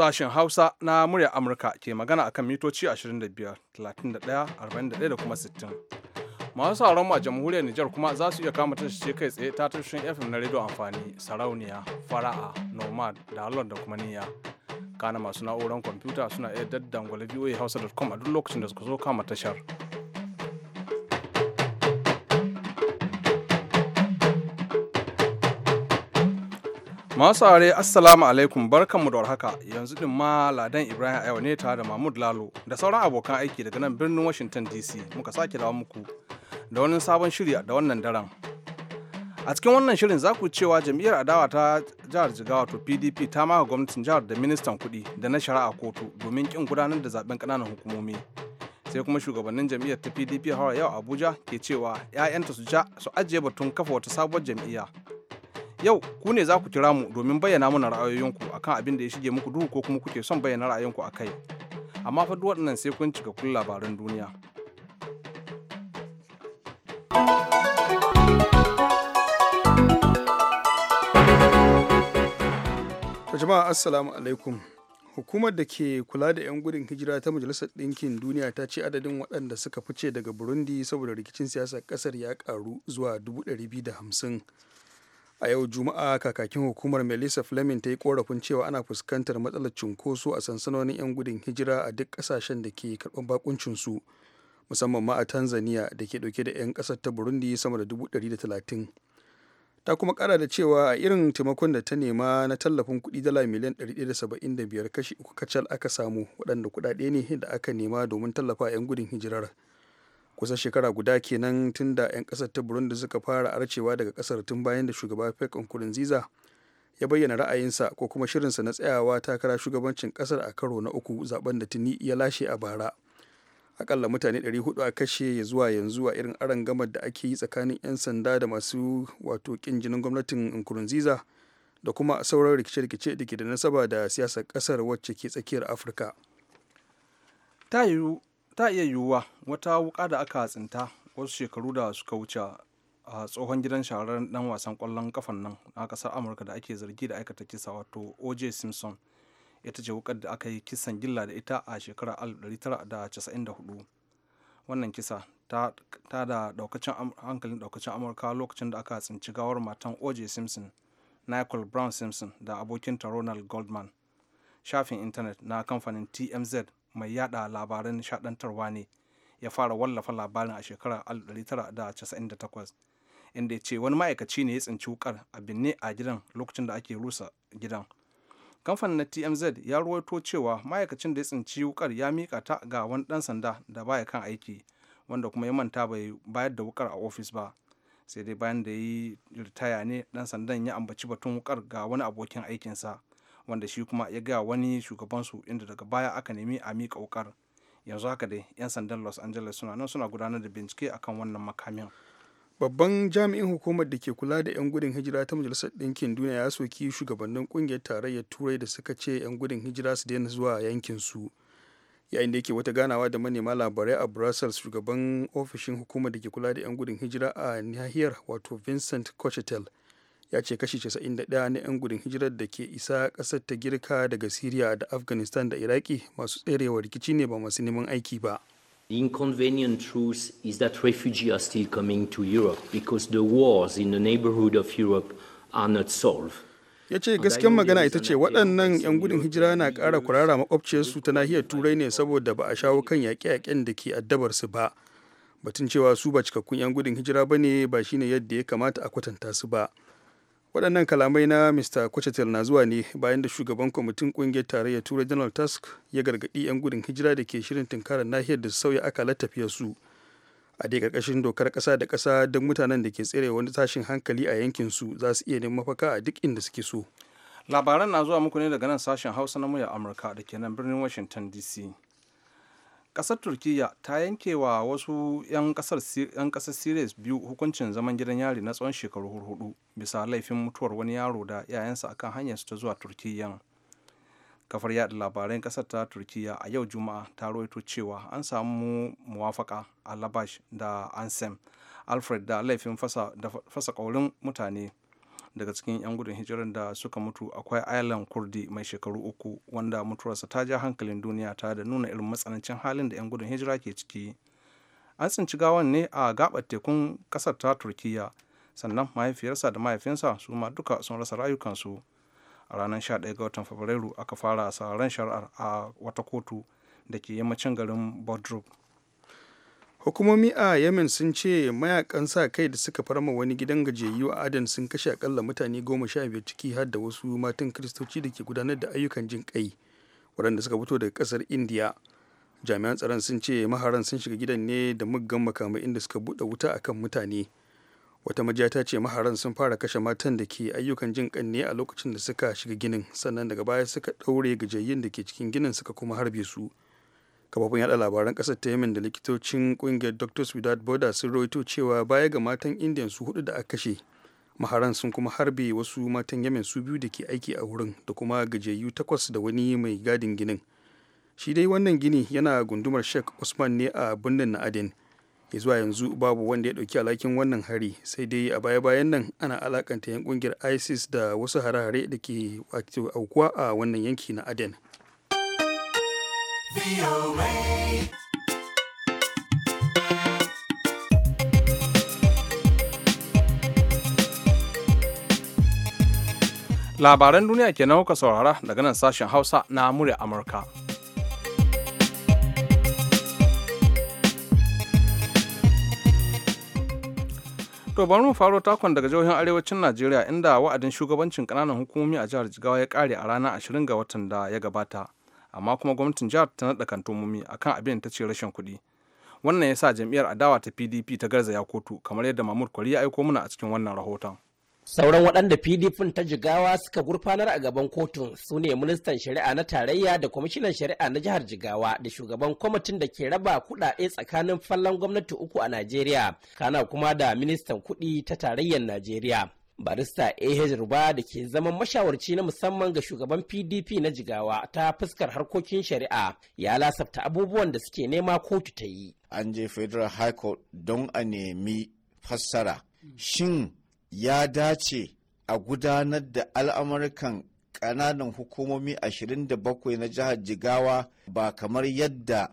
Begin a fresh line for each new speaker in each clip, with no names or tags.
sashen hausa na murya amurka ke magana akan mitoci 25 31 41 da kuma 60 masu sauran mu a jamhuriyar Nijar kuma za su iya kama ce kai tsaye ta tashoshin FM na rediyo amfani sarauniya fara'a nomad da da kuma niyya kana masu na'urar kwamfuta suna iya daddangwale voa hausa.com a duk lokacin da suka zo kama tashar. Masu are assalamu alaikum barkanmu da warhaka yanzu din ma ladan Ibrahim Ayo ne tare da Mahmud Lalo da sauran abokan aiki daga nan birnin Washington DC muka sake dawo muku da wani sabon shiri da wannan daren. A cikin wannan shirin za ku cewa jam'iyyar adawa ta jihar Jigawa to PDP ta maka gwamnatin jihar da ministan kuɗi da na shari'a kotu domin kin gudanar da zaben kananan hukumomi. sai kuma shugabannin jam'iyyar ta pdp hawa yau abuja ke cewa 'ya'yanta su ja su ajiye batun kafa wata sabuwar jam'iyya Yau ku ne za ku kira mu domin bayyana mana ra'ayoyinku akan abin da ya shige muku duhu ko kuma kuke son bayyana ra'ayinku a kai. Amma fa duk waɗannan sai kun cika kun labaran duniya.
jama'a assalamu alaikum hukumar da ke kula da 'yan gudun hijira ta majalisar ɗinkin duniya ta ce adadin waɗanda suka fice daga burundi saboda rikicin siyasar ƙasar ya ƙaru zuwa 250 a yau juma'a kakakin hukumar melissa fleming ta yi korafin cewa ana fuskantar matsalar cunkoso a sansanonin 'yan gudun hijira a duk kasashen da ke karɓar bakuncinsu musamman ma a tanzania da ke ɗauke da 'yan ƙasar ta burundi sama da 130 ta kuma ƙara da cewa a irin taimakon da ta nema na tallafin kuɗi dala miliyan 175 kashi uku kacal aka samu waɗanda kuɗaɗe ne da aka nema domin tallafa 'yan gudun hijirar kusan shekara guda kenan tunda 'yan kasar ta burundi suka fara arcewa daga kasar tun bayan da shugaba fek ziza ya bayyana ra'ayinsa ko kuma shirinsa na tsayawa takara shugabancin kasar a karo na uku zaben da tuni ya lashe a bara akalla mutane 400 a kashe ya zuwa yanzu a irin aron gamar da ake yi tsakanin 'yan sanda da masu wato kin jinin gwamnatin nkurunziza da kuma sauran rikice-rikice da ke da nasaba da siyasar kasar wacce ke tsakiyar afirka ta yiwu ta iya yiwuwa wata wuka da aka tsinta wasu shekaru da
suka wuce a tsohon gidan shahararren dan wasan kwallon kafan nan na kasar amurka da ake zargi da aikata kisa wato oj simpson ita ce wukar da aka yi kisan gilla da ita a shekarar 1994 wannan kisa ta da daukacin hankalin daukacin amurka lokacin da aka tsinci gawar matan oj simpson nicole brown simpson da abokin ta ronald goldman shafin intanet na kamfanin tmz mai yada labaran shaɗantarwa ne ya fara wallafa labarin a shekarar 1998 inda ya ce wani ma'aikaci ne ya tsinci wukar a binne a gidan lokacin da ake rusa gidan kamfanin na tmz ya ruwaito cewa ma'aikacin da ya tsinci wukar ya mika ta ga wani dan sanda da baya kan aiki wanda kuma ya manta bai bayar da wukar a ofis ba sai dai bayan da ya yi ritaya ne dan sandan ya ambaci batun wukar ga wani abokin aikinsa wanda shi kuma ya gaya wani shugabansu inda daga baya aka nemi a miƙa
wukar yanzu haka dai 'yan sandan los angeles suna nan suna gudanar da bincike akan wannan makamin babban jami'in hukumar da ke kula da 'yan gudun hijira ta majalisar ɗinkin duniya ya soki shugabannin kungiyar tarayyar turai da suka ce 'yan gudun hijira su daina zuwa yankin su yayin da yake wata ganawa da manema labarai a brussels shugaban ofishin hukumar da ke kula da 'yan gudun hijira a nahiyar wato vincent cochetel ya ce kashi 91 na 'yan gudun hijirar da ke isa kasar ta girka daga siriya da afghanistan da iraki masu tserewa rikici ne ba masu neman aiki ba
The inconvenient truth is that refugees are still coming to Europe because the wars in the neighborhood of Europe are not solved. ya
ce gasken magana ita ce waɗannan 'yan gudun hijira na ƙara kurara makwabciyarsu ta nahiyar turai ne saboda ba a shawo kan yaƙe-yaƙen da ke addabar su ba batun cewa su ba cikakkun 'yan gudun hijira ba ne ba shine yadda ya kamata a kwatanta su ba waɗannan kalamai na mr kwacetel na zuwa ne bayan da shugaban kwamitin ƙungiyar tarayyar turai donald tusk ya gargaɗi 'yan gudun hijira da ke shirin tunkarar nahiyar da su sauya akalar tafiyarsu a dai ƙarƙashin dokar ƙasa da ƙasa don mutanen da ke tsere wani tashin hankali a yankinsu za su iya neman mafaka a duk inda suke so
labaran na zuwa muku ne daga nan sashen hausa na muya amurka da ke nan birnin washington dc kasar turkiya ta yanke wa wasu 'yan kasar series biyu hukuncin zaman gidan yari na tsawon shekaru hudu bisa laifin mutuwar wani yaro da yayansa akan hanyar su ta zuwa turkiyyan kafar yada labaran kasar ta turkiya a yau juma'a ta rawaito cewa an samu muwafaka a labash da ansem alfred da laifin fasa kaurin mutane daga cikin 'yan gudun hijirar da suka mutu akwai ireland kurdi mai shekaru uku wanda mutuwarsa ta ja hankalin duniya ta da nuna irin matsanancin halin da 'yan gudun hijira ke ciki an tsinci gawan ne a gabar tekun kasar ta turkiya sannan mahaifiyarsa da mahaifinsa su ma duka sun rasa rayukansu a ranar 11 ga watan fabrairu aka fara ran shari'ar a wata kotu da
ke yammacin garin bodrum hukumomi a yemen sun ce mayakan sa kai da suka farma wani gidan gajiyayyu a adan sun kashe akalla mutane goma sha biyar ciki har da wasu matan kiristoci da ke gudanar da ayyukan jin kai waɗanda suka fito daga ƙasar indiya jami'an tsaron sun ce maharan sun shiga gidan ne da muggan makamai inda suka buɗe wuta akan mutane wata majiya ta ce maharan sun fara kashe matan da ke ayyukan jin kan ne a lokacin da suka shiga ginin sannan daga baya suka ɗaure gajiyayyun da ke cikin ginin suka kuma harbe su kafofin yada labaran kasar ta yemen da likitocin kungiyar doctors without borders sun rawaito cewa baya ga matan indiya su hudu da aka kashe maharan sun kuma harbe wasu matan yemen su biyu da ke aiki a wurin da kuma gajiyayyu takwas da wani mai gadin ginin shi dai wannan gini yana gundumar sheikh usman ne a birnin na aden ya zuwa yanzu babu wanda ya dauki alhakin wannan hari sai dai a baya-bayan nan ana alakanta yan kungiyar isis da wasu hare-hare da ke aukuwa a wannan yanki na aden
Labaran duniya ke kuka saurara daga nan sashen Hausa na murya Amurka. To bari mu faro takon daga jihohin arewacin Najeriya inda wa'adin shugabancin kananan hukumomi a jihar Jigawa ya kare a ranar 20 ga watan da ya gabata. amma kuma gwamnatin jihar ta naɗa kantomomi akan abin ta ce rashin kuɗi wannan ya sa jam'iyyar adawa ta pdp ta garzaya kotu kamar
yadda mahmud kwari ya aiko mana a cikin wannan rahoton sauran
waɗanda pdp ta jigawa suka
gurfanar a gaban kotun su ne ministan shari'a na tarayya da kwamishinan shari'a na jihar jigawa da shugaban kwamitin da ke raba kuɗaɗe tsakanin fallon gwamnati uku a najeriya kana kuma da ministan kuɗi ta tarayyar najeriya barista ah ruba da ke zaman mashawarci na musamman ga shugaban pdp na jigawa ta fuskar harkokin shari'a ya lasafta
abubuwan da suke nema kotu ta yi an je federal high court don a nemi fassara shin ya dace a gudanar da al'amurkan kananan hukumomi 27 na jihar jigawa ba kamar yadda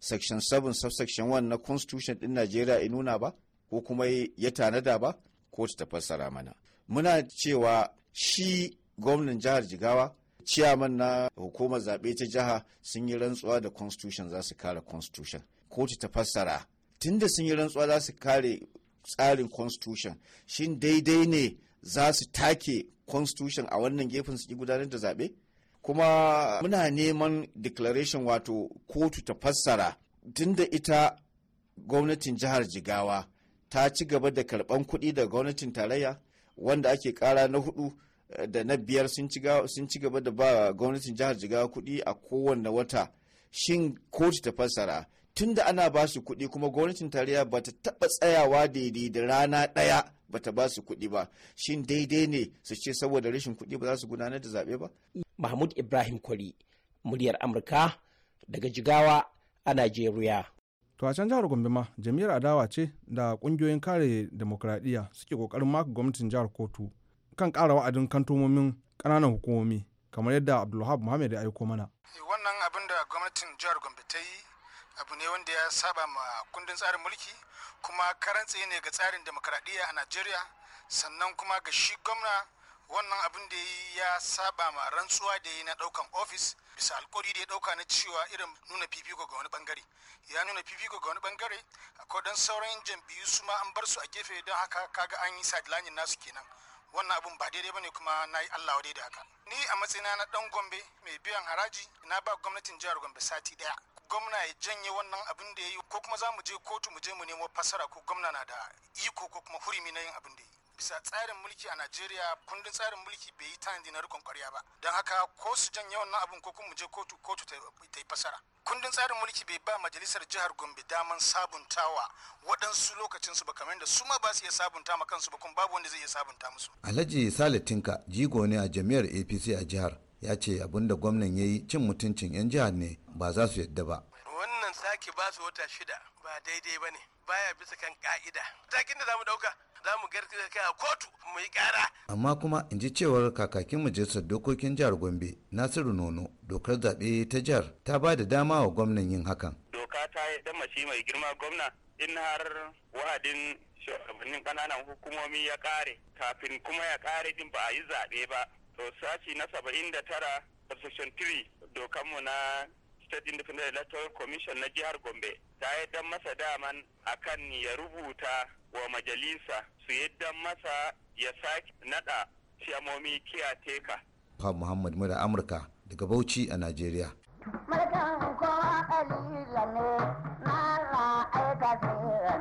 section 7 subsection 1 na constitution din najeriya ya nuna ba ko kuma ya tanada ba kotu ta fassara mana muna cewa shi gwamnan jihar jigawa ciyaman na hukumar zaɓe ta jiha sun yi rantsuwa da constitution za su kare constitution kotu ta fassara tunda sun yi rantsuwa za su kare tsarin constitution shin daidai ne za su take constitution a wannan gefen su ki gudanar da zaɓe kuma muna neman declaration wato kotu ta fassara tunda ita gwamnatin jihar jigawa ta ci gaba da karɓan kuɗi da gwamnatin tarayya wanda ake kara na hudu eh, da na biyar sun ci gaba da ba gwamnatin jihar jigawa kuɗi a kowane wata shin kotu ta fassara tunda ana ba su kuɗi kuma gwamnatin tarayya ba ta taɓa tsayawa daidai da rana ɗaya ba ta ba su kuɗi ba shin daidai ne su ce saboda rashin kuɗi ba za su gudanar da zaɓe ba. mahmud ibrahim kwari muryar amurka daga jigawa a najeriya.
to a can jihar gombe ma jam'iyyar adawa ce da kungiyoyin kare demokradiyya suke kokarin maka gwamnatin jihar kotu kan kara wa'adin kantomomin kananan hukumomi kamar yadda abdulhab muhammad ya aiko mana eh, wannan abin da
gwamnatin jihar gombe ta
yi abu ne wanda ya saba ma kundin tsarin mulki kuma karantsi ne ga tsarin demokradiyya a najeriya sannan kuma ga shi gwamna wannan abin da yi ya saba ma rantsuwa da yi na daukan ofis bisa alkori da ya dauka na cewa irin nuna fifiko
ga wani bangare ya nuna fifiko ga wani bangare akwai don sauran jam'iyyu su ma an bar su a gefe don haka kaga an yi sideline nasu kenan wannan abun ba daidai bane kuma na yi Allah dai da haka
ni a matsayina na dan Gombe mai biyan haraji na ba gwamnatin jihar Gombe sati daya gwamna ya janye wannan abin da ya yi ko kuma za mu je kotu mu je mu nemo fasara ko gwamna na da iko ko kuma hurumi na yin abin da bisa tsarin mulki a Najeriya kundin tsarin mulki bai yi tanadi na rikon kwarya ba don haka ko su yawan wannan abin ko kuma mu je kotu kotu ta yi fasara kundin tsarin mulki bai ba majalisar jihar Gombe daman sabuntawa waɗansu lokacin su ba kamar da su ma ba su iya sabunta ma kansu ba kuma babu wanda zai iya sabunta musu Alhaji Salatinka jigo ne a jami'ar APC a jihar ya ce abinda gwamnan yayi cin mutuncin 'yan jihar ne ba za su yadda ba
wannan sake ba su wata shida ba daidai ba ne baya bisa kan ka'ida takin da zamu
dauka zamu mu kai a kotu mu yi kara amma kuma in ji cewar kakakin majalisar dokokin jihar gombe nasiru nono dokar zaɓe ta jihar ta ba da dama wa gwamnan yin hakan doka ta yi mace mai girma gwamna
in har wahadin shugabannin kananan hukumomi ya kare kafin kuma ya kare din ba a yi zaɓe ba to sashi na saba'in da tara section 3 dokanmu na State Independent Electoral Commission na jihar Gombe ta yi yadda masa daman akan ya rubuta wa
majalisa su yi
yadda masa ya sake nada shamomi kiyateka. Muhammad Mura Amurka daga Bauchi a Najeriya.
ne, na Allah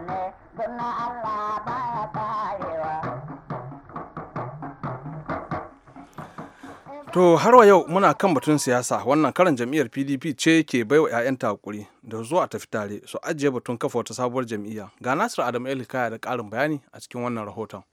ne, don Allah baya
To har wa yau muna kan batun siyasa wannan karan jam'iyyar PDP ce ke baiwa 'ya'yanta hakuri da zuwa tafi tare su ajiye batun kafa wata sabuwar jam'iyya. Ga Nasir Adam Elikaya da ƙarin bayani a cikin wannan rahoton.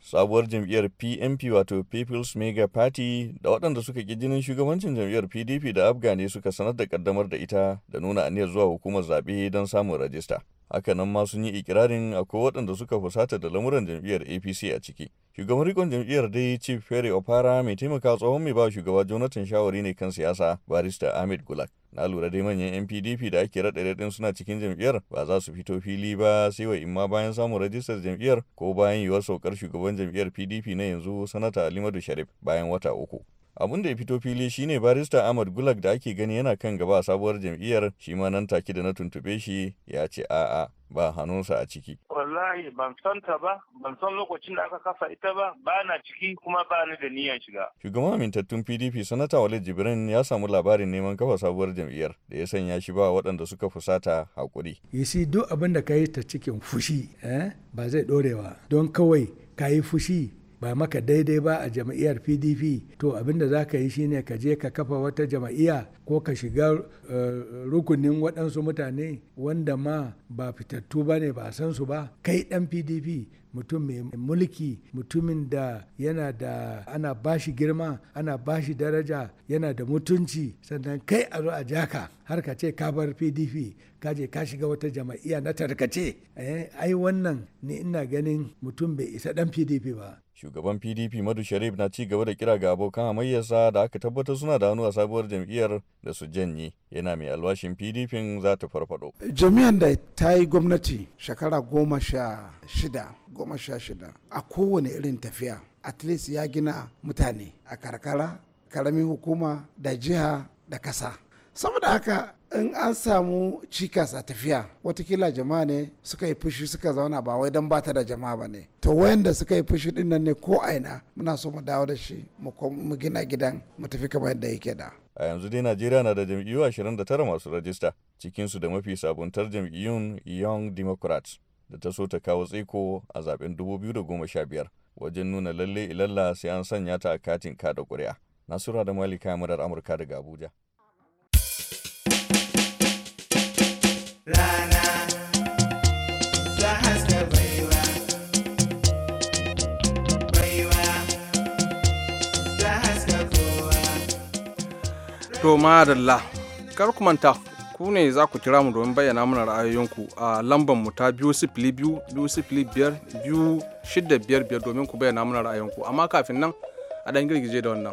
sabuwar jam'iyyar PNP wato People's Mega Party da waɗanda suka ƙi jinin shugabancin jam'iyyar PDP da Afghani suka sanar da ƙaddamar da ita da nuna aniyar zuwa hukumar zaɓe don samun rajista. haka nan ma sun yi ikirarin akwai waɗanda suka fusata da lamuran jam'iyyar apc a ciki shugaban rikon jam'iyyar dai chief ferry opara mai taimaka tsohon mai ba shugaba jonathan shawari ne kan siyasa barista ahmed gulak na lura dai manyan yan pdp da ake raɗe raɗin suna cikin jam'iyyar ba za su fito fili ba sai wa imma bayan samun rajistar jam'iyyar ko bayan yiwuwar saukar shugaban jam'iyyar pdp na yanzu sanata alimadu sharif bayan wata uku abun da ya fito fili shine barista ahmad gulag da ake gani yana kan gaba a sabuwar jam'iyyar shi ma nan take da na tuntube shi ya ce a'a ba hannunsa a ciki.
Wallahi ban san ta ba, ban san lokacin da aka kafa ita ba, ba na ciki kuma ba ni da niyyar shiga.
Shugaban amintattun PDP Sanata Walid Jibrin ya samu labarin neman kafa sabuwar jam'iyyar da ya sanya shi ba waɗanda suka fusata hakuri.
Yasi duk abin da ka yi ta cikin fushi, eh, ba zai ɗorewa don kawai ka yi fushi ba maka daidai ba a jam'iyyar pdp to abinda da za ka yi shine ka je ka kafa wata jam'iyya ko ka shiga eh, rukunin waɗansu mutane wanda ma ba fitattu ba ne ba san su ba kai ɗan pdp mutum mai mulki mutumin da yana da ana bashi girma ana bashi daraja yana da mutunci sannan kai a zo a jaka har ka ce ka bar pdp ka je ka shiga wata jama'iyya na tarkace eh, ai wannan ni ina ganin mutum bai isa dan pdp ba
shugaban pdp madu sharif na ci gaba da kira ga abokan hamayyarsa da aka tabbatar suna da hannu a sabuwar jam'iyyar da su janye yana mai alwashin pdp za ta farfado
jami'an da ta yi gwamnati shekara goma sha shida goma sha shida a kowane irin tafiya at least ya gina mutane a karkara karamin hukuma da jiha da kasa saboda haka in an samu cikas a tafiya watakila jama'a ne suka yi fushi suka zauna ba wai don bata da jama'a ba ne to wayanda suka yi fushi din nan ne ko aina muna so mu dawo da shi mu gina gidan mu tafi kamar yadda yake da
a yanzu dai najeriya na da jam'iyyu 29 masu rajista cikinsu da mafi sabuntar jam'iyyun young democrats da ta so ta kawo tsaiko a zaben 2015 wajen nuna lalle ilalla sai an sanya ta a katin kada ƙuri'a nasura da malika murar amurka daga abuja
To madalla, kar ku manta ku ne za ku kira mu domin bayyana mana ra'ayoyinku a lambar mu ta biyu sifili biyu biyu sifili biyar biyu shida biyar biyar domin ku bayyana mana ra'ayoyinku amma kafin nan a ɗan girgije da wannan.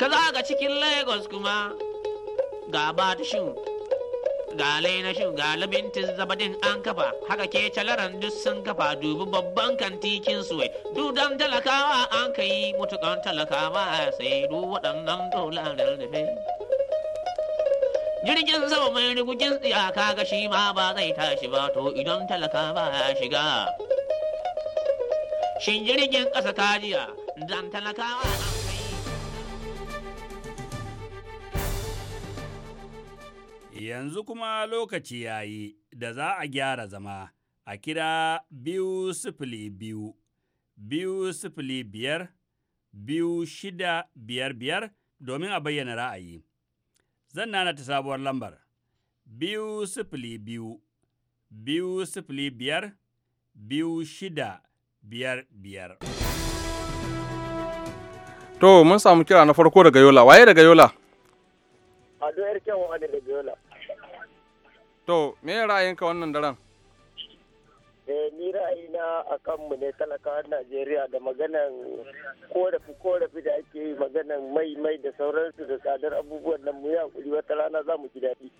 ka za ga cikin lagos kuma ga batishin ga lainashin ga labintin zabadin an kafa haka ke calaran duk sun kafa dubi babban kantikin suwai dudan talakawa an ka yi mutukan talakawa sai du waɗannan dolarar da jirgin sama mai rigugin tsiyaka ga shi ma ba zai tashi ba to idan talaka ya shiga shin jirgin ƙasa kajiya dan talakawa
Yanzu kuma lokaci ya yi da za a gyara zama a kira biyu sifili biyu, biyu sifili biyar, biyu shida biyar biyar domin a bayyana ra'ayi. Zan nana ta sabuwar lambar biyu sifili biyu,
biyu sifili biyar, biyu shida biyar biyar.
To, mun samu kira na farko daga Yola, waye daga Yola?
Ado Yarken Wani daga Yola.
To, me ra'ayinka wannan daren?
eh ni ra'ayina a kanmu ne talakawan najeriya da maganan korafi korafi da ake yi maganan mai mai da sauransu da tsadar abubuwan nan mu yi kuri wata rana za mu ji daɗi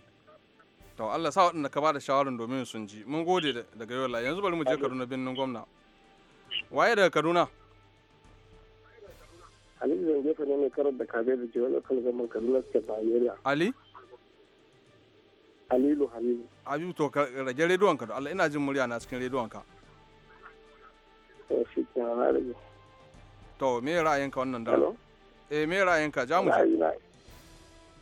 to allah sa waɗanda ka ba da shawarar domin sun ji mun gode daga yola yanzu bari mu je kaduna birnin gwamna waye daga kaduna
ali zangefa ne mai karar da kabe da jiwon lokal zaman kaduna state ali Halilu Halilu.
Habibu to ka rage rediyon ka Allah ina jin murya na cikin rediyon ka.
To shi ke na
rage. To me ra'ayinka wannan daren? Eh me ra'ayinka ja mu?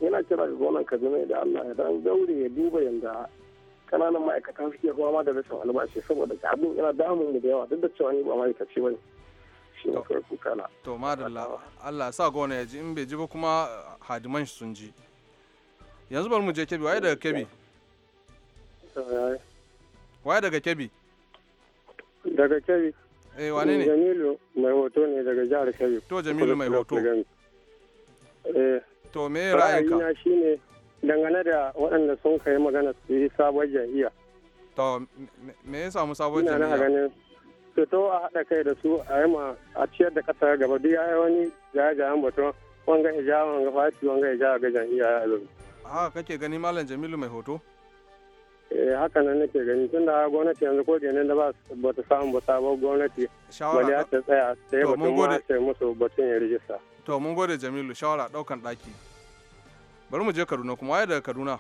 Yana kira ga gonan Kaduna da Allah ya dan daure ya duba yanda kananan ma'aikatan suke ma da rashin albashi saboda abin ina damun mu da yawa duk da cewa ni ba ma'aikaci bane. Shi ne farko kana.
To madalla Allah sa gona ya ji in bai ji ba kuma hadiman shi sun ji. Yanzu bari mu je kebi waye daga kebi.
Waya Wa daga kebi. Daga kebi. Eh wane ne? Jamilu mai hoto ne daga jihar kebi. To Jamilu mai hoto. Eh. To me ra'ayinka? Ra'ayina shine dangane da waɗanda sun kai magana su yi sabon jam'iyya.
To me ya samu sabon jam'iyya? Ina na ganin
fito a haɗa kai da su a yi ma a ciyar da ƙasar gaba duk ya yi wani jaye-jayen batun wanga hijaba wanga fashi wanga hijaba ga jam'iyya ya zo.
Haka kake gani Malam Jamilu mai hoto?
eh haka nan nake gani tun da gwamnati yanzu ko kenan da ba ta samu ba sabon gwamnati wani ya ta tsaya sai batun ma sai musu batun ya rijista
to mun gode jamilu shawara daukan daki bari mu je kaduna kuma waye daga kaduna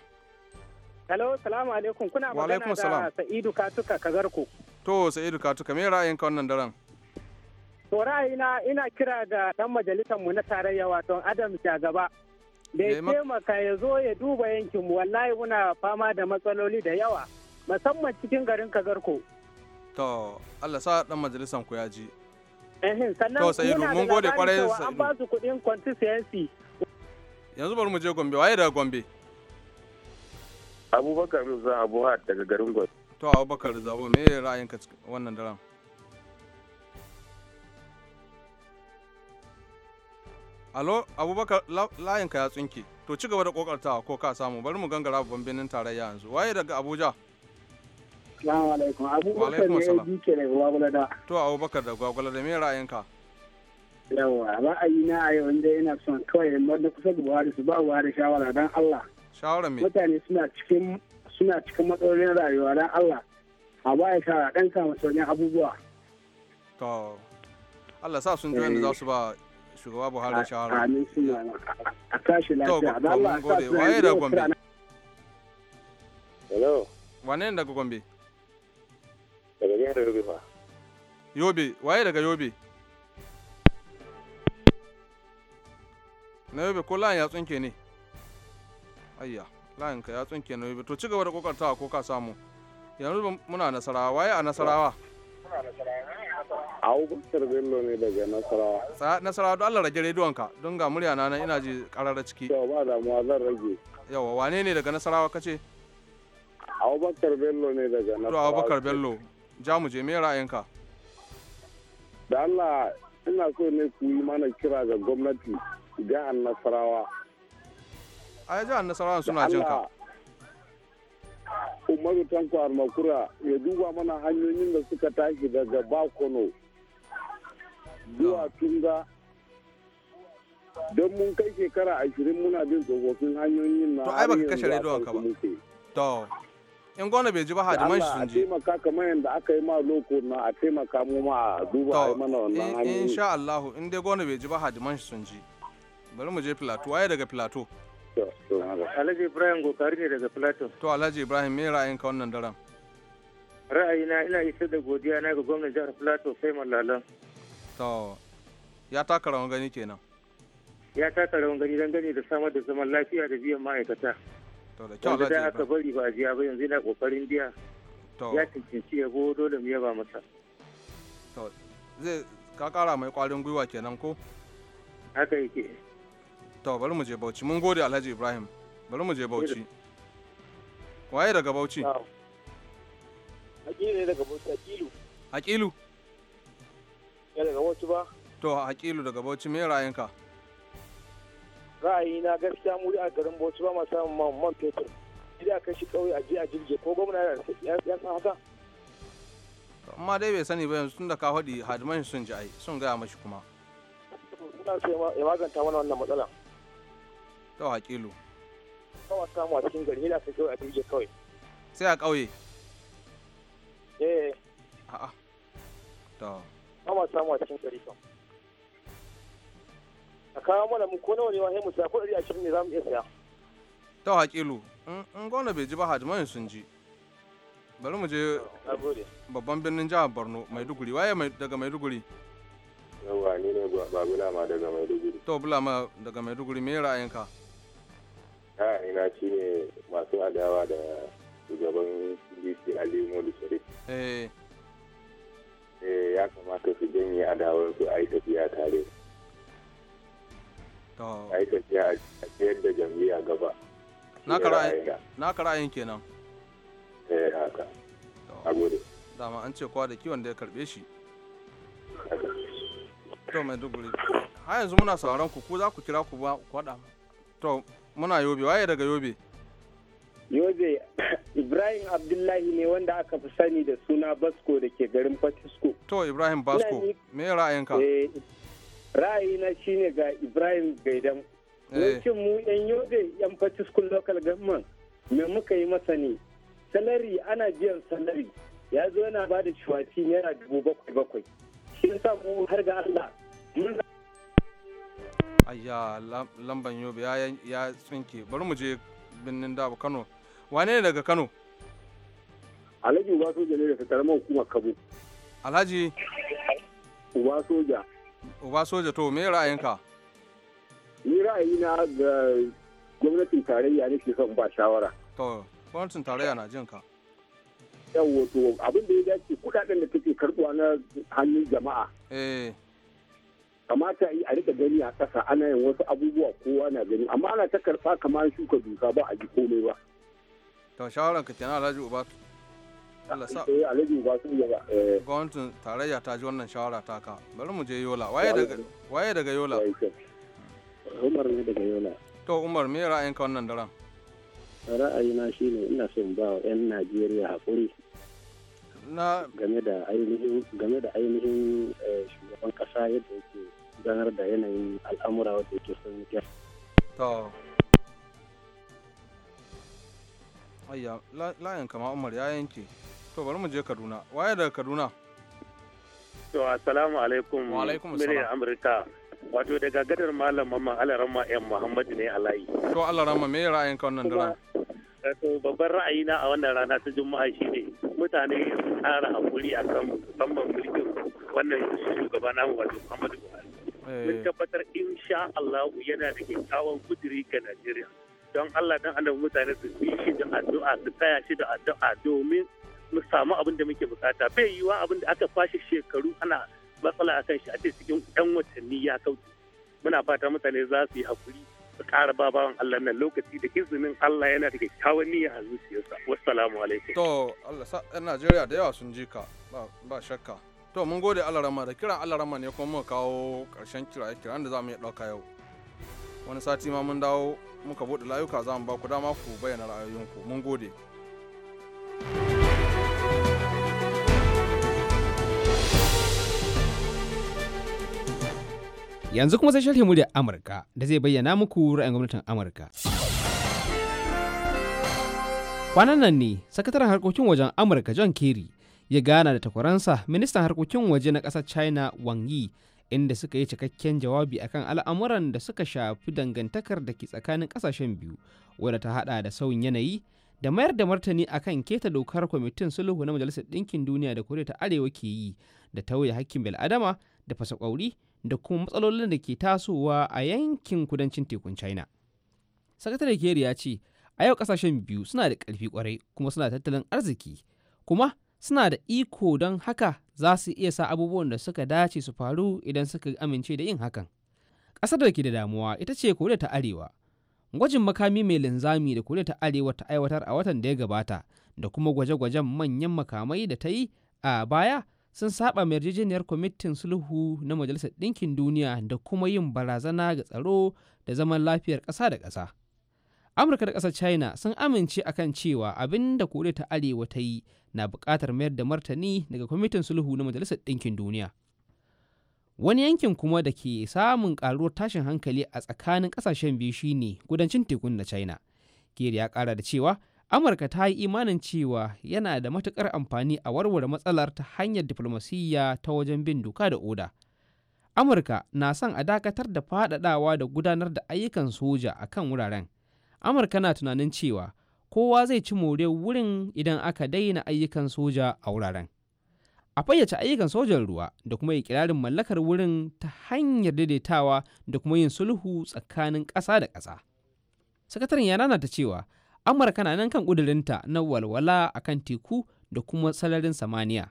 hello salamu alaikum kuna magana da sa'idu katuka kagarko
to sa'idu katuka me ra'ayinka wannan daren
to ra'ayina ina kira da dan majalisar mu na tarayya wato adam jagaba bai eh, taimaka ya zo ya duba yankinmu wallahi muna fama da matsaloli da yawa musamman cikin garin kagarko
to Allah sa dan majalisan ku ya ji
sannan sa'idu mun gode kwarai an ba su kuɗin consistency
yanzu bari mu je gombe waye daga gombe abubakar za abu daga garin gombe to abubakar za me ra'ayinka wannan daren alo abubakar layinka ya tsinke to ci gaba da kokartawa ko ka samu bari mu gangara babban birnin tarayya yanzu waye daga abuja
Assalamu alaikum. Abubakar ne dike daga Gwagwalada.
To Abubakar da Gwagwalada me ra'ayinka?
Yawa ra'ayi na a yau inda ina son kawai na kusa da Buhari su ba Buhari shawara don Allah. Shawara me? Mutane suna cikin suna cikin matsalolin rayuwa don Allah. A ba ya shawara dan samu sauran abubuwa.
To Allah sa sun ji wanda eh. za su ba shugaba Buhari shawara. Amin
suna a tashi lafiya. To mun gode waye da Gombe.
Hello. Wane ne daga Gombe?
Daga jihar Yobe fa.
Yobe waye daga Yobe? Na Yobe ko layin ya tsunke ne? Ayya layin ka ya tsunke na Yobe to ci gaba da kokartawa ko ka samu. Yanzu muna nasarawa waye a nasarawa?
Muna nasarawa. Abubakar Bello ne daga Nasarawa.
Sa Nasarawa don Allah rage rediyonka don ga murya na nan ina ji karara ciki. Yau ba
damuwa zan rage.
Yawa wane ne daga Nasarawa kace?
Abubakar Bello ne daga Nasarawa. To Abubakar
Bello ja mu je me ra'ayinka?
Da Allah ina so ne ku yi mana kira ga gwamnati jihar Nasarawa.
A jihar Nasarawa suna jin ka.
umaru tanko armakura ya duba mana hanyoyin da suka tashi daga bakono zuwa ah. tunga don mun kai shekara ashirin muna bin tsofaffin hanyoyin na to ai baka kashe rediyon ka ba
to in gona bai ji ba man shi sun ji a
taimaka kamar yadda aka yi ma loko na a taimaka mu ma a duba a mana wannan hanyoyin insha
Allah in dai gona bai ji ba man shi sun ji bari mu je filato waye daga filato
Alhaji Ibrahim Gokari ne daga Plateau.
To Alhaji Ibrahim me ra'ayinka wannan daren?
Ra'ayina ina isa da godiya na ga gwamnan jihar Plateau sai mallala.
To ya taka rawan gani kenan.
Ya taka rawan gani don gani da samar da zaman lafiya da biyan ma'aikata.
To da kyau Alhaji. Da aka
bari ba jiya ba yanzu yana kokarin biya. To ya cancanci go dole mu yaba masa.
To zai ka kara mai kwarin gwiwa kenan ko? Haka yake. to bari mu je Bauchi mun gode Alhaji Ibrahim bari mu je Bauchi waye daga Bauchi
Hakilu daga Bauchi Hakilu Hakilu ya daga Bauchi
ba
to Hakilu daga Bauchi me ra'ayinka
na gaskiya mu a garin Bauchi ba ma samun man fetur idan aka shi kauye a je a jirge ko gwamna ya san haka
amma dai bai sani ba yanzu tun da ka haɗi hadiman sun ji ai sun gaya mashi kuma
ina so ya maganta mana wannan matsalan ta wakilu kawai samu a cikin gari yana kawai a kawai sai a ƙauye eh a'a to kawai samu a cikin gari kawai a kawo mana mu ko nawa ne ma sai ko ɗari ashirin ne za mu iya saya
ta ji ba hajjimai sun ji bari mu je babban birnin jihar borno maiduguri waye daga maiduguri yawwa ni daga maiduguri to
shi shine masu adawa da shugaban dc ali modu sharif eh. eh ya kamata su janye adawarsu a yi tafiya tare a yi tafiya a ciyar da jam'iyya gaba
naka ra'ayin kenan eh haka a gode dama an ce kowa da kiwon da ya karbe shi to maiduguri har yanzu muna sauran ku ku za ku kira ku ba ku kwada to
muna yobe waye daga yobe
yobe
ibrahim abdullahi ne wanda aka fi sani da suna basko da ke garin patisco
to ibrahim basko me ra'ayinka eh,
ra'ayina shine ga ibrahim gaidan eh. lokacin mu yan yobe yan patisco local government me muka yi masa ne salari ana biyan salari ya zo yana ba da shuwaci naira dubu bakwai bakwai shi yasa mu har ga allah mun
ayya lamban yobe ya tsinke bari mu je birnin dabo kano wane ne daga kano
alhaji uba soja ne daga karamar hukumar kabo alhaji uba soja
uba soja to me ra'ayinka
ni ra'ayina ga gwamnatin tarayya ne ke son ba shawara
to gwamnatin tarayya na jin ka
yawo to abin da ya dace kudaden da take karbuwa na hannun jama'a eh kamata yi a rika gani a ƙasa ana yin wasu abubuwa kowa na gani amma ana ta karɓa kamar shuka dusa ba a ji komai ba.
to shawaran ka kenan alhaji uba
Allah sa eh, alhaji uba sun yi eh.
gwamnatin tarayya ta ji wannan shawara ta ka bari mu je
yola waye daga yola umar ne daga yola
to umar me ka wannan daren
ra'ayina shine ina son ba wa 'yan najeriya haƙuri na game da ainihin game da ainihin eh, shugaban kasa yadda yake gudanar da yanayin al'amura wadda yake son yi
to ayya layan kama umar ya yanke to bari mu je kaduna waye daga kaduna
to assalamu alaikum wa alaikum assalam amurka wato daga gadar malam mamman alarama yan muhammadu ne alayi
to alarama me ka wannan daren
to babban ra'ayina a wannan rana ta juma'a shine mutane su kara hakuri akan musamman mulkin wannan shugaba namu wato muhammadu buhari mun eh. tabbatar insha Allah yana da kyakkyawan kudiri ga Najeriya don Allah don annabi mutane su yi shi da addu'a su taya shi da addu'a domin mu samu abin da muke bukata bai yiwa abin da aka kwashe shekaru ana matsala a kan shi a cikin yan watanni ya kauce muna fata mutane za su yi hakuri su ƙara babawan Allah nan lokaci da izinin Allah yana da kyakkyawan niyya a zuciyarsa wassalamu alaikum
to Allah sa Najeriya da yawa sun ji ka ba shakka to mun gode Allah rama da kiran Allah rama ne kuma muka kawo karshen kiraye kiran da za mu iya ɗauka yau wani sati ma mun dawo muka buɗe layuka za mu ba ku dama ku bayyana ra'ayoyinku mun gode
yanzu kuma sai sharhi mu da amurka da zai bayyana muku ra'ayin gwamnatin amurka kwanan nan ne sakataren harkokin wajen amurka john kerry ya gana da takwaransa ministan harkokin waje na ƙasar china wang yi inda suka yi cikakken jawabi akan al'amuran da suka shafi dangantakar da ke tsakanin kasashen biyu wadda ta hada da sauyin yanayi da mayar da martani akan keta dokar kwamitin sulhu na majalisar ɗinkin duniya da koriya ta arewa ke yi da tauye hakkin bil'adama da fasa kwauri da kuma matsalolin da ke tasowa a yankin kudancin tekun china sakatare keri ya ce a yau kasashen biyu suna da ƙarfi kwarai kuma suna tattalin arziki kuma suna da iko don haka za su iya sa abubuwan da suka dace su faru idan suka amince da yin hakan. Ƙasar da ke da damuwa ita ce Koriya ta Arewa. Gwajin makami mai linzami da Koriya ta Arewa ta aiwatar a watan da ya gabata da kuma gwaje-gwajen manyan makamai da ta yi a baya sun saba mai yarjejeniyar kwamitin sulhu na Majalisar Ɗinkin Duniya da kuma yin barazana ga tsaro da zaman lafiyar ƙasa da ƙasa. Amurka da ƙasar China sun amince akan cewa abin da Koriya ta Arewa ta yi na buƙatar mayar da martani daga kwamitin sulhu na majalisar ɗinkin duniya wani yankin kuma da ke samun ƙaruwar tashin hankali a tsakanin ƙasashen biyu shine kudancin tekun na china kiri ya ƙara da cewa amurka ta yi imanin cewa yana da matuƙar amfani a warware matsalar ta hanyar diflomasiyya ta wajen bin doka da oda amurka na son a dakatar da faɗaɗawa da gudanar da ayyukan soja a kan wuraren amurka na tunanin cewa kowa zai ci more wurin idan aka daina ayyukan soja a wuraren a fayyace ayyukan sojan ruwa da kuma ikirarin mallakar wurin ta hanyar daidaitawa da kuma yin sulhu tsakanin ƙasa da ƙasa sakataren ya nana ta cewa amurka na nan kan ƙudurinta na walwala a kan teku da kuma sararin samaniya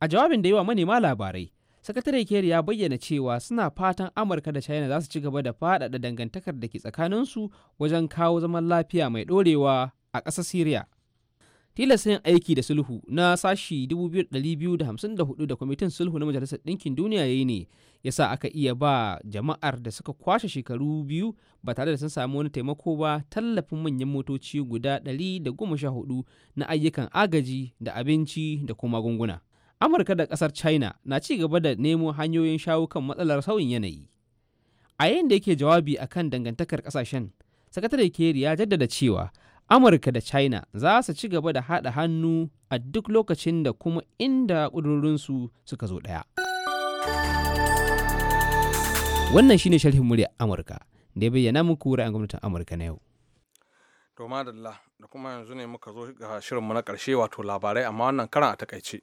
a jawabin da yawa manema labarai sakatare kerr ya bayyana cewa suna fatan amurka da china za su ci gaba da faɗaɗa dangantakar da ke tsakaninsu wajen kawo zaman lafiya mai dorewa a ƙasar syria tilasta yin aiki da sulhu na sashi 2254 da kwamitin sulhu na majalisar ɗinkin duniya ya yi ne ya sa aka iya ba jama'ar da suka kwashe shekaru biyu ba tare da sun samu wani taimako ba tallafin manyan motoci guda 114 na ayyukan agaji da abinci da kuma magunguna amurka da ƙasar china na ci gaba da nemo hanyoyin shawo kan matsalar sauyin yanayi a yayin da yake jawabi akan dangantakar ƙasashen sakatare kerry ya jaddada cewa amurka da china za su ci gaba da haɗa hannu a duk lokacin da kuma inda ƙudurorinsu suka zo ɗaya wannan shine sharhin murya amurka da ya bayyana muku ra'ayin gwamnatin amurka na yau
To madalla da kuma yanzu ne muka zo ga shirinmu na ƙarshe wato labarai amma wannan karan a takaice.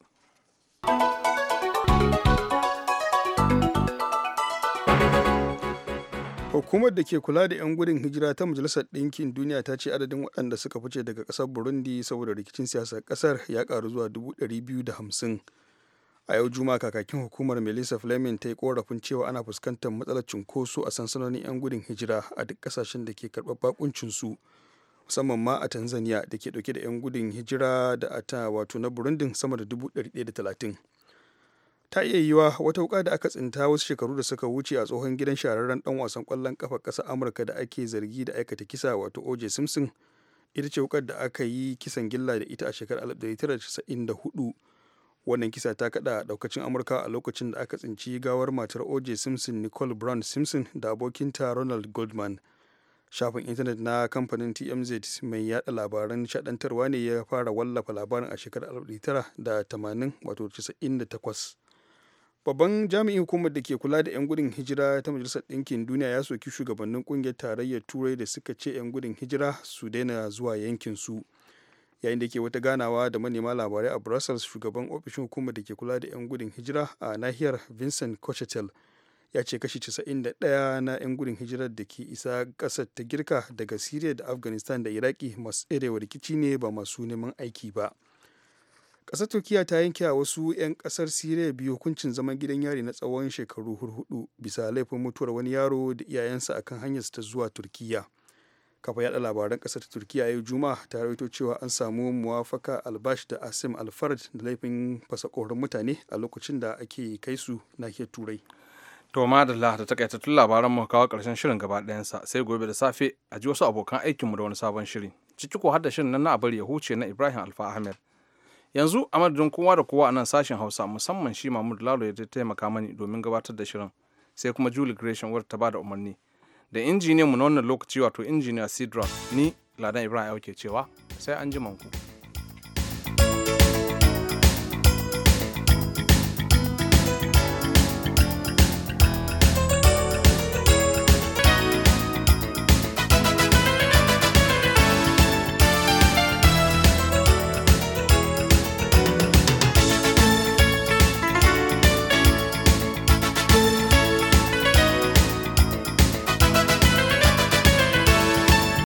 hukumar da ke kula da 'yan gudun hijira ta majalisar ɗinkin duniya ta ce adadin waɗanda suka fice daga ƙasar burundi saboda rikicin siyasar ƙasar ya ƙaru zuwa 250 a yau juma kakakin hukumar melissa fleming ta yi korafin cewa ana fuskantar matsalar cunkoso a sansanonin 'yan gudun hijira a duk ƙasashen da ke karɓar bakuncinsu su musamman ma a tanzania da ke dauke da 'yan gudun hijira da ata wato na burundin sama da 130 ta iya yiwa wata wuka da aka tsinta wasu shekaru da suka wuce a tsohon gidan shahararren dan wasan kwallon kafa ƙasa amurka da ake zargi da aikata kisa wato oj simpson ita ce wukar da aka yi kisan gilla da ita a shekarar 1994 wannan kisa ta kada daukacin amurka a lokacin da aka tsinci gawar matar oj simpson nicole brown simpson da abokinta ronald goldman shafin intanet na kamfanin tmz mai yada labaran shaɗantarwa ne ya fara wallafa labarin a shekarar 1980 wato 98 babban jami'in hukumar da ke kula da 'yan gudun hijira ta majalisar ɗinkin duniya ya soki shugabannin ƙungiyar tarayyar turai da suka ce 'yan gudun hijira su daina zuwa yankin su yayin da ke wata ganawa da manema labarai a brussels shugaban ofishin hukumar da ke kula da 'yan gudun hijira a nahiyar vincent cochetel ya ce kashi 91 na 'yan gudun hijirar da ke isa ƙasar ta girka daga syria da afghanistan da iraki masu tserewa rikici ne ba masu neman aiki ba ƙasar turkiya ta yanke a wasu 'yan ƙasar syria biyu hukuncin zaman gidan yari na tsawon shekaru hurhudu bisa laifin mutuwar wani yaro da iyayensa akan hanyarsa ta zuwa turkiya kafa yada labaran kasar ta turkiya yau juma ta rawaito cewa an samu muwafaka albash da asim alfarad da laifin fasa mutane a lokacin da ake kai su nahiyar turai
To madalla da takaitattun labaran mu kawo karshen shirin gaba sa sai gobe da safe a ji wasu abokan aikinmu da wani sabon shiri. Ciki ko har da shirin nan na bari ya huce na Ibrahim Alfa Ahmed. Yanzu a madadin kowa da kowa a nan sashen Hausa musamman shi Mahmud Lalo ya taimaka mani domin gabatar da shirin. Sai kuma Julie Gresham wadda ta bada umarni. Da injiniyan mu na wannan lokaci wato injiniya Sidra ni Ladan Ibrahim Auke cewa sai an ji ku.